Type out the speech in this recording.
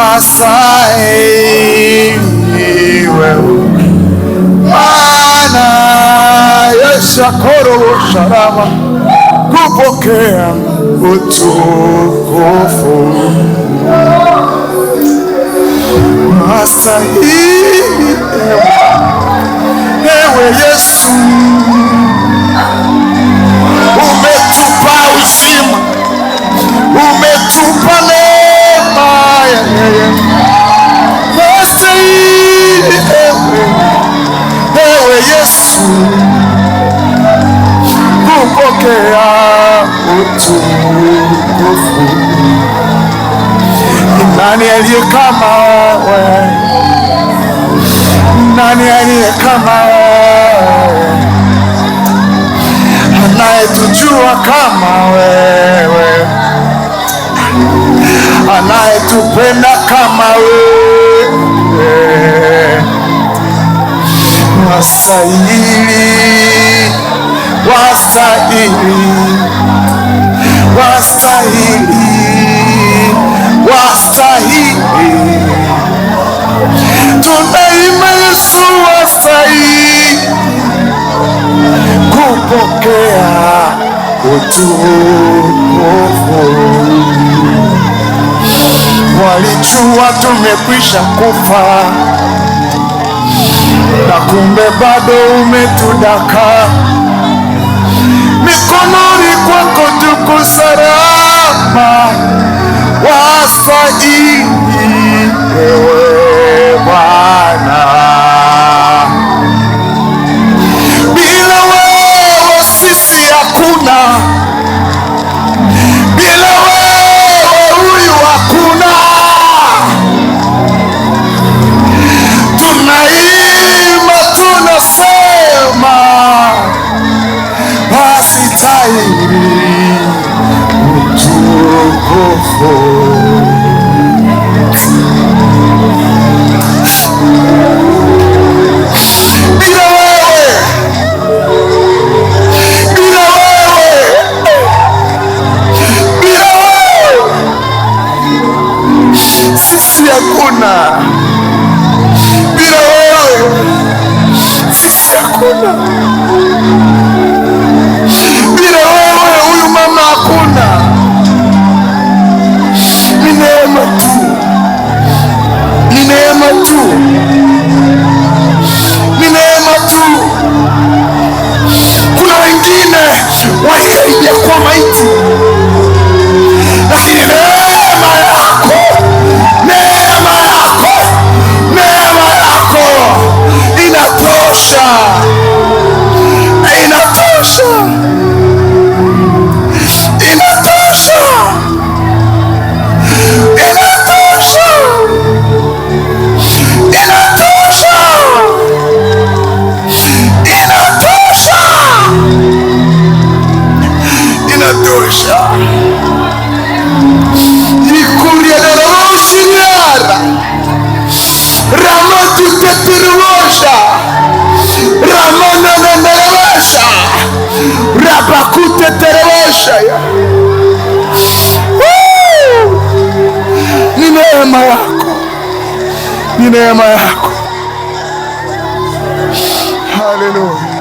asaiwe mana Yesu akorowosharaba kupokea utukufu asaiwe ewe Yesu Nani aliye kama wewe? Nani aliye kama wewe? Anayetujua kama wewe, anayetupenda kama wewe, wasaili wasaili wastahili, wastahili, tunaima Yesu wastahili kupokea utukufu walijua tumekwisha kufa na kumbe bado umetudaka. hakuna, bila wewe huyu hakuna. Tunaima, tunasema wasitairi utukufu neema yako, ni neema yako. Haleluya.